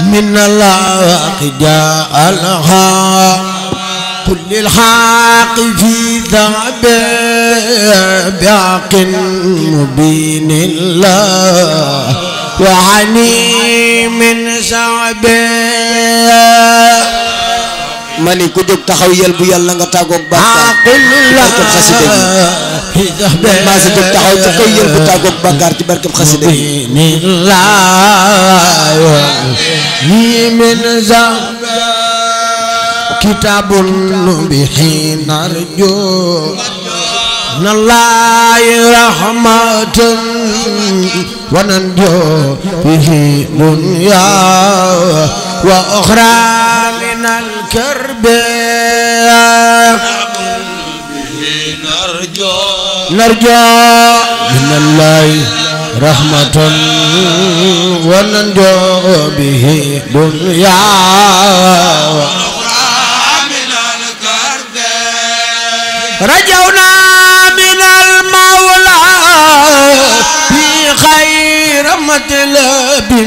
من الحق جاء الحق قل للحق في ذعب بعق مبين الله وعني من شعبه ma ni ku jóg taxaw yel bu yàlla nga tàggoog bàkkaar ci barkeb xasida gi maa si jóg taxaw ci koy yel bu tàggoog bàkkaar ci barkeb xasida gi ni min za kitabun bihi narju نلاي رحمة وننجو به منيا وأخرى من الكرب نرجو نرجو من الله رحمة وننجو به دنيا وأخرى من الكرب رجونا من المولى في خير مطلب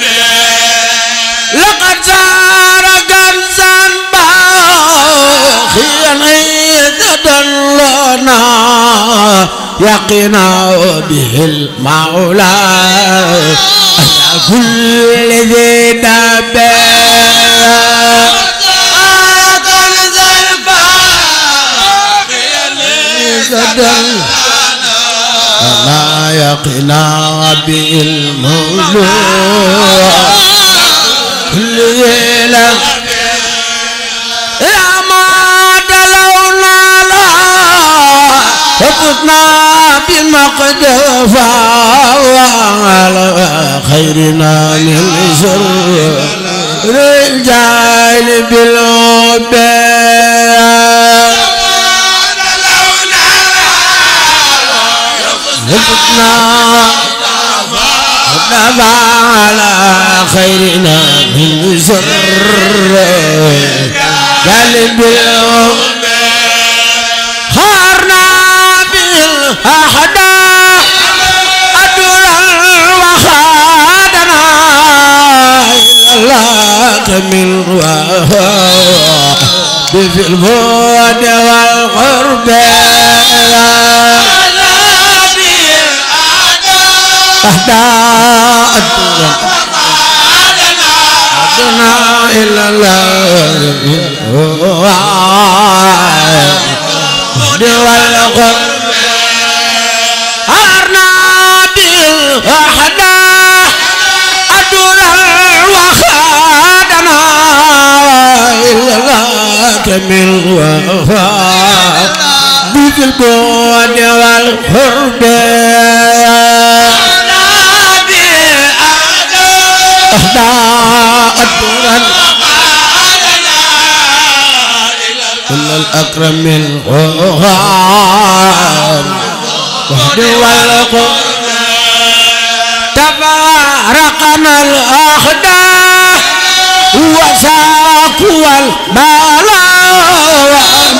أخي عيد دلنا يقنا به المولى على كل ذي دبر لا يقنا بالمولى كل لك أطنا بمقدفا وعلى خيرنا من شر رجال بالعباد أطنا أطنا على خيرنا من شر رجال بالعباد محتمل بذي البعد والقرب أهداء أدنى إلى الله والقرب مكتمل وفاء بك البعد والقرب أهداء الدرا كل الأكرم الغار وحد والقرب تفارقنا الأخداع وساق والمال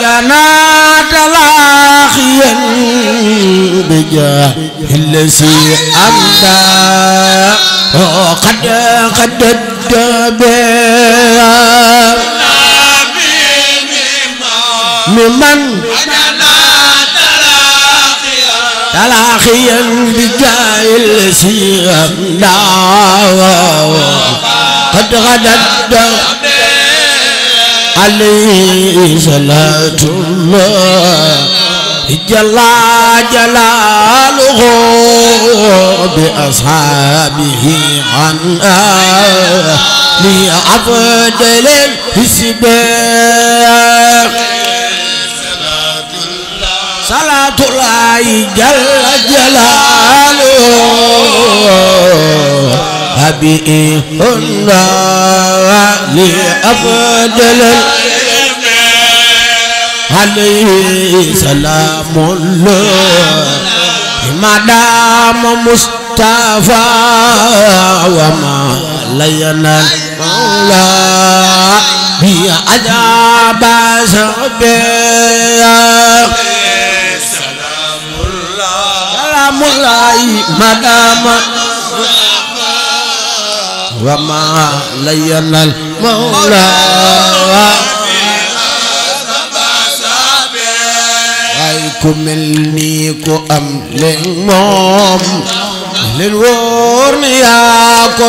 جنات لاخيا بجاه الذي أمدى قد قد الدبيع ممن تلاخيا بجاه الذي أمدى قد قد الدبيع عليه صلاة الله جلا جلاله بأصحابه عن أهل أفضل الحسب صلاة الله جل جلاله أبي الله لأفضل عليه سلام الله مدام مصطفى وما لينا المولى هي أجاب سبيا سلام الله سلام الله مدام وما لين المولى ku mel nii ku am leen moom leen wóor ni yaa ko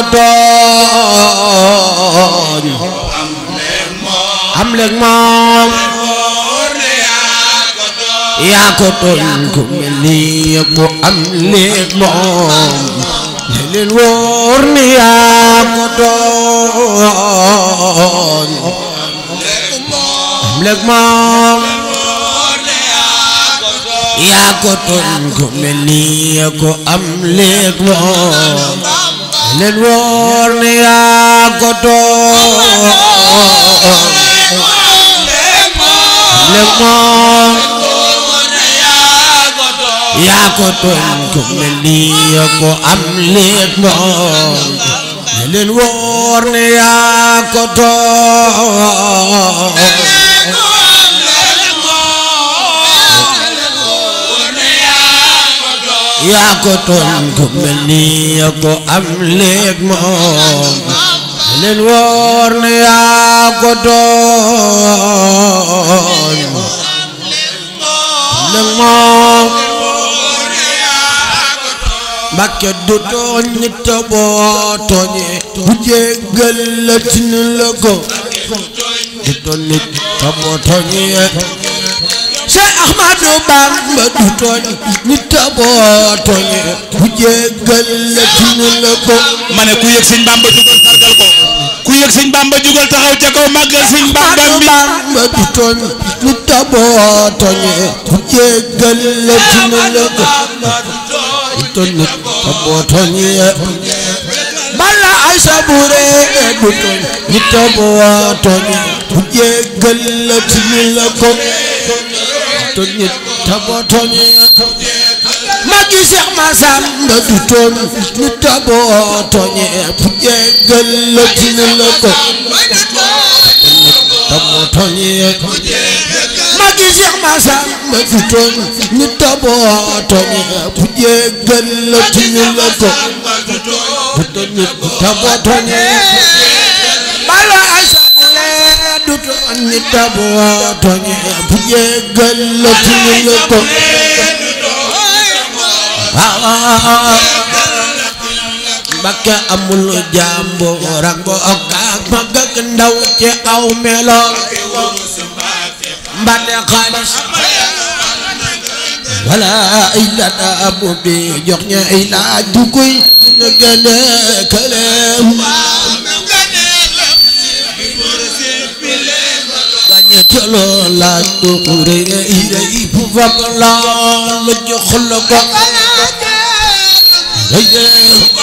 am leen moom yaa ko tooñ ku mel nii am leen moom leen wóor ni doon lek moom yaa ko doon ku mel ni yaa ko am lek moom leen woor ne yaa ko doon lek moom yaa ko doon ku mel ni yaa ko am lek moom leen wóor ne yaa ko tooñ yaa ni yaa ko am léeg moom Mbàkke du tooñ nit te boo tooñee bu jéggal la ko du tooñ nit te boo tooñee Cheikh nit te boo tooñee bu la ko ma ne ku yëg sëñ jugal sargal ca kaw màggal sëñ Bamba bi Bamba nit te boo tooñee bu la ko tooñ nag te boo tooñee bala ay saburee du tooñ nit te boo tooñee bu jéggal la ci la ko tooñ nit te boo tooñee magi Seex Masamba du tooñ nit te boo tooñee bu jéggal la ci la ko tooñ nit te boo tooñee magi Cheikh Massamba fi toog ñu tobootoo jéggal la ci la ko bu toog ñu tobootoo ñëpp jéggal la ci la ko Mbakke amul jàmbur ak mbokk ak mag ak ndaw ci aw meloon mbànne xaalis wala ay lan amu bi jox ña ay laaj du koy na gane kaleem jëloo laaj du ko rëy rëy rëy bu fab laa la jox la ko rëy rëy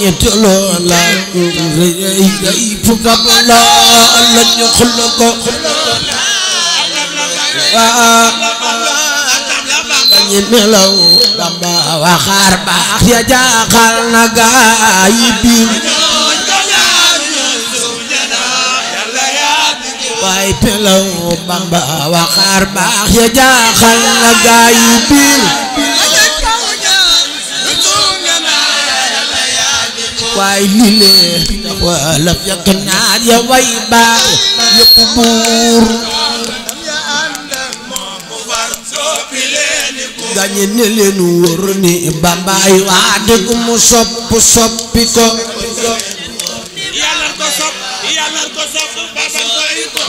ñu tolloo la fukk am la la ñu xooloo ko waaw la ñu nelaw Bamba waxaar baax ya jaaxal na gaa yi biir waay nelaw Bamba waxaar baax ya jaaxal na gaa yi biir waaye lii lee taxawal fekk naa ya way baax yëpp buur gañe ne leen wóor ni bambaay waa dëgg mu sopp soppi ko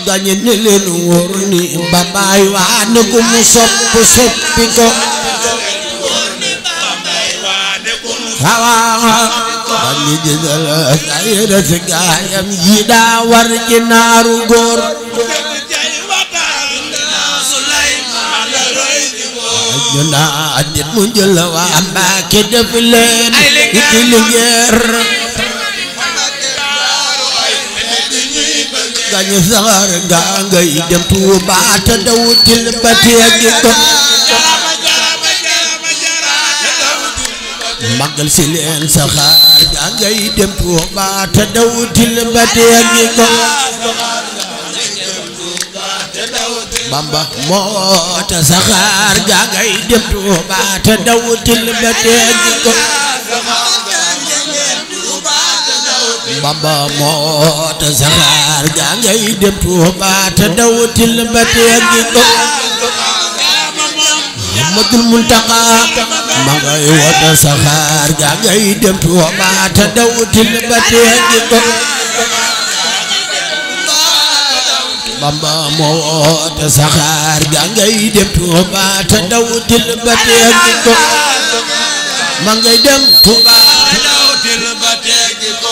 gañe ne leen wóor ni bambaay waa dëgg mu sopp soppi ko waaw xam ni gisal sayra si gaayam yi daa góor ñu naa nit mu jël waa leen ci lingeer gañu saxaar ngaa ngay dem Tuuba te daw til ba teegi ko màggal si leen saxaar ngay dem Bamba moo ta saxaar ga dem Touba te dawutil ba dégg ahmadul muntaqa ma ngay wata saxaar ga ngay dem wa maata dawtil bati hangi ko bamba moo wata saxaar ga ngay dem wa maata dawtil bati hangi ko ma ngay dem Tuuba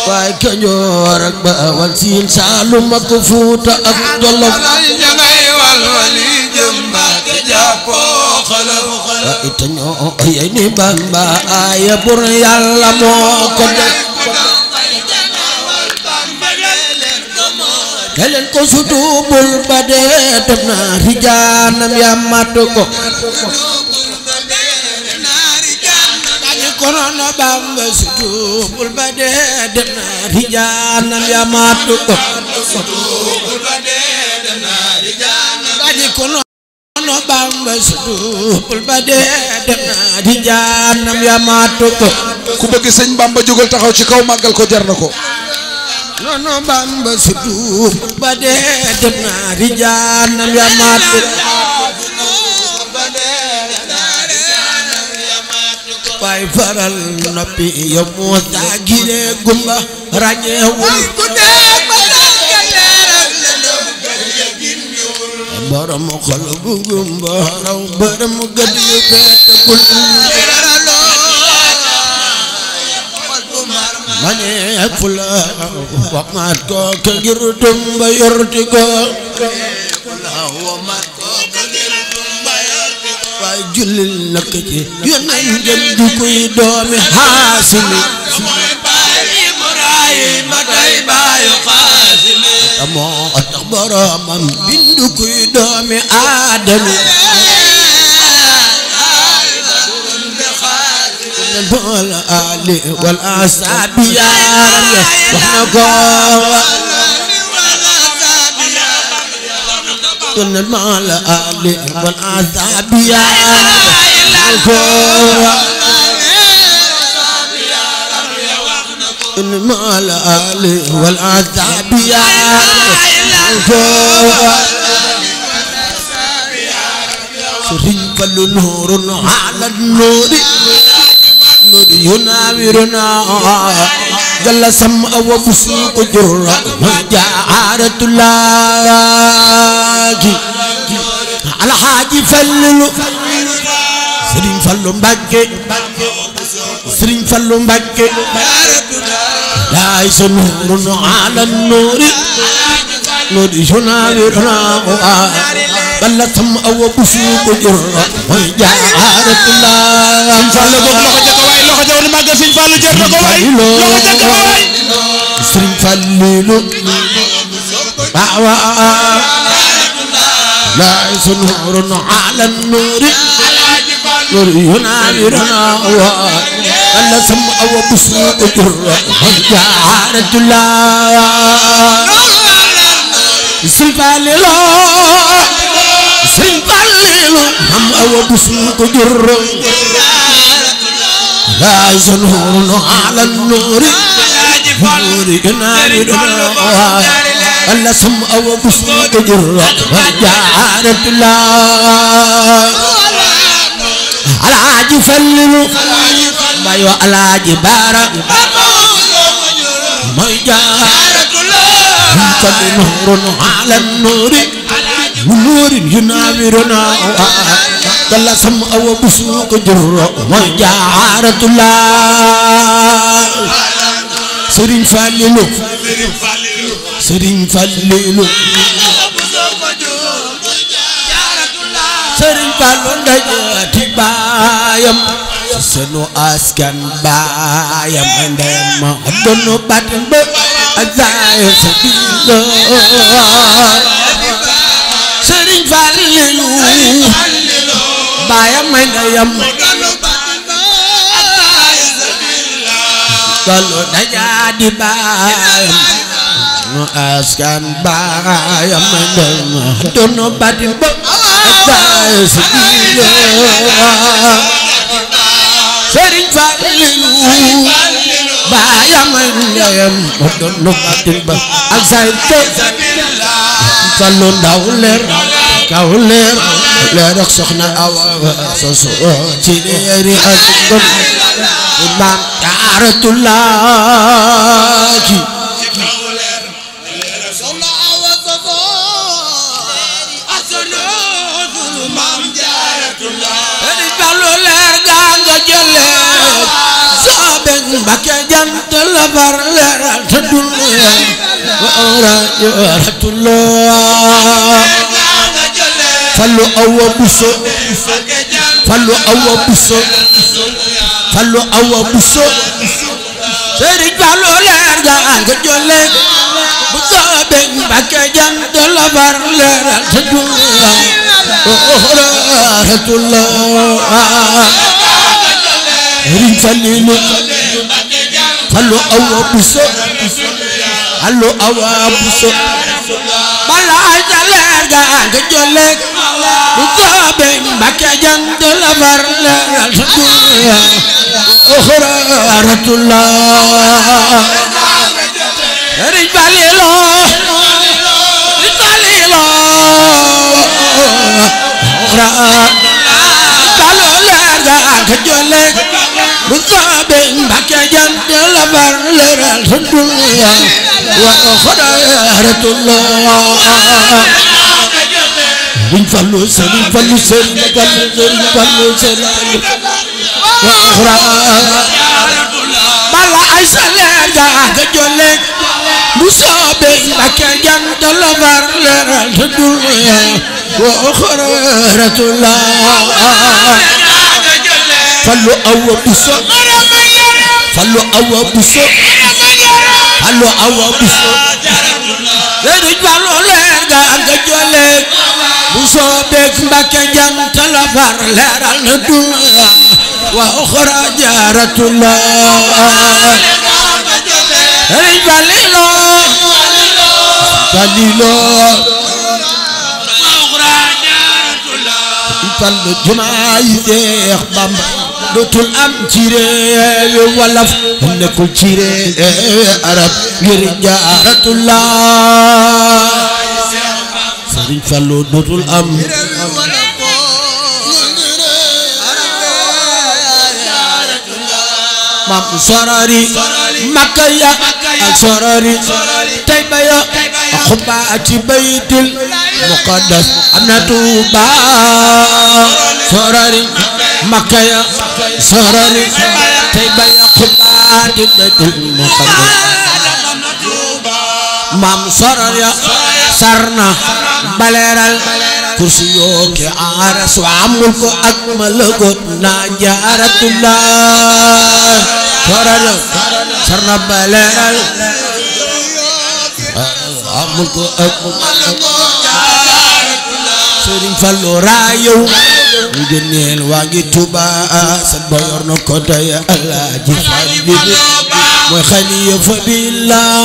waaye Kajoor ak Bawol Siin Saalum ak Fuuta ak Jolof te ñoo Bamba aya bur Yàlla moo ko def keleen ko sutubul ba dee na rijaanam ya mat ko konono Bamba sutubul ba dee na rijaanam ya mat bamba sudul ba dee dem naa jaanam yaa ma toog ku bëgg sëñ bamba jógal taxaw ci kaw màggal ko jar na ko noonu bamba sudul ba dee dem naa jaanam yaa ma toog waaye faral noppi yow moo daa gile gumba ràññeewul borom xol bu gumba raw borom gët yu fett kul ma ne fula waxaat ko ka ngir tumba yorti ko waay jullil nak ci yonen jëm di kuy doomi xaasimi mooy baay mu raay ma day baayu xaasimi boroomam bindu kuy doomi aadami bool ali wal asaabi yaaram ya wax na ko kon bool ali wal asaabi yaaram ya مع الآل والأعتاب يا سرين فل نور على النور نور يناورنا جل سمع وفسوق جرة وجعارة الله على حاج فل سرين فل مبكي سرين فل مبكي ليس نور على النور نور يناورنا بل ثم او بسوق جرة وجارة الله سن فالو بوك لوخو جاكا واي لوخو جاوني ماغا سن فالو جير نكو واي لوخو جاكا واي سن فالو باوا لا نور على النور نور يناورنا خلا سمع وبصر وجرة جارة الله سنفال له سنفال له هم وبصر وجرة لا زنور على النور نور نار الله سمع وبصر وجرة جارة الله alaaji fallilu bayo alaaji baara mooy jaara ka bi nuurun ala nuuri nuurin yunawiruna kala sam awa busuuk jurro mooy jaaratullah sëriñ fallilu sëriñ fallilu sëriñ fallu ndaje baayam sunu askan baayam ndeyam ma dunu bat ba azay sa bilo Serigne Fallilou baayam ndeyam solo daja di baayam askan baayam ndeyam dunu bat ba سبيلا سرين فاللو بايام يم بدن لقاتل بس أزايد صلوا داولر كاولر لا رخصنا أو سوسو تيري أزكم إمام كارت الله sabar leeral te dunya wa awraaju rahmatullah fallu awa buso fallu awa buso fallu awa buso sëriñ fallu leer ga nga jolle bu soobee Mbàkke jant la far leeral te dunya wa awraaju rahmatullah sëriñ Fallilu Allo awa buso allo awa buso bala ga nga jolek bu sobe Mbakke jant la far leer ga nga jolek bu sobe في الدنيا وآخرة الله من فلو سلي فلو سلي فلو سلي فلو سلي وآخرة بلا أسأل جاهد جلد مصابي لك جنت لفر لرد الدنيا وآخرة الله فلو أول بصبر fallu awa buso fallu awa buso léegi fallu leer ga ak ga jolle buso beeg Mbàkke janta far leeral na dunya wa oxra jaaratullah fallu jumaa yi Bamba dootul am ci réew wolof nekkul ci réew arab yëri njaaratullah Sëriñ Fallu dootul am maam sorori makka ya ak sorori baytil muqaddas am na makka ya sorori tey ba yaqubaa di baytul muqaddas maam soror ya sarna baleeral kursi yoo aras wa amul ko ak ma lëgoot naa jaaratullah soror sarna baleeral amul ko ak ngëneel waa ngi Tuuba sa boyor na ko doy alaaji Fàllu mooy xalifa billah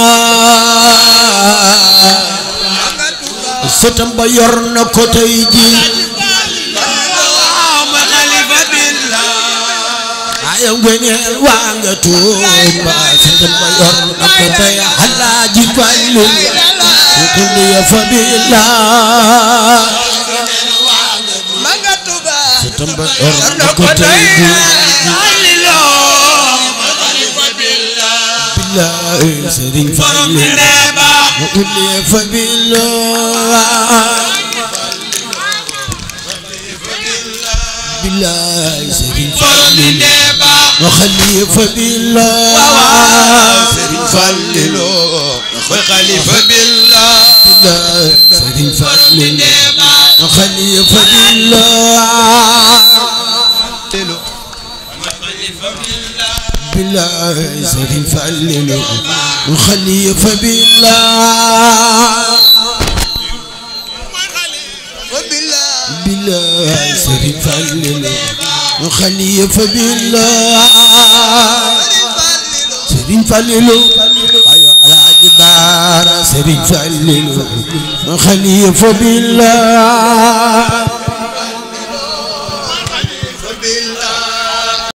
sëtam ba yor na ko tey ji yow ngëneel waa nga Tuuba sëtam ba na ko tey alaaji Fàllu ngëneel fa billah tamba orna ko tey billahi e e sëriñ Fallu mu ulli e fa billahi billahi sëriñ Fallu mu xalifa billahi sëriñ Fallu mu xalifa billahi sëriñ Fallu mu xalifa billahi على عزه فعللوا الخليفه بالله بالله عزه فعللوا الخليفه بالله سرين فعللوا ايوه على عجبار سرين فعللوا الخليفه بالله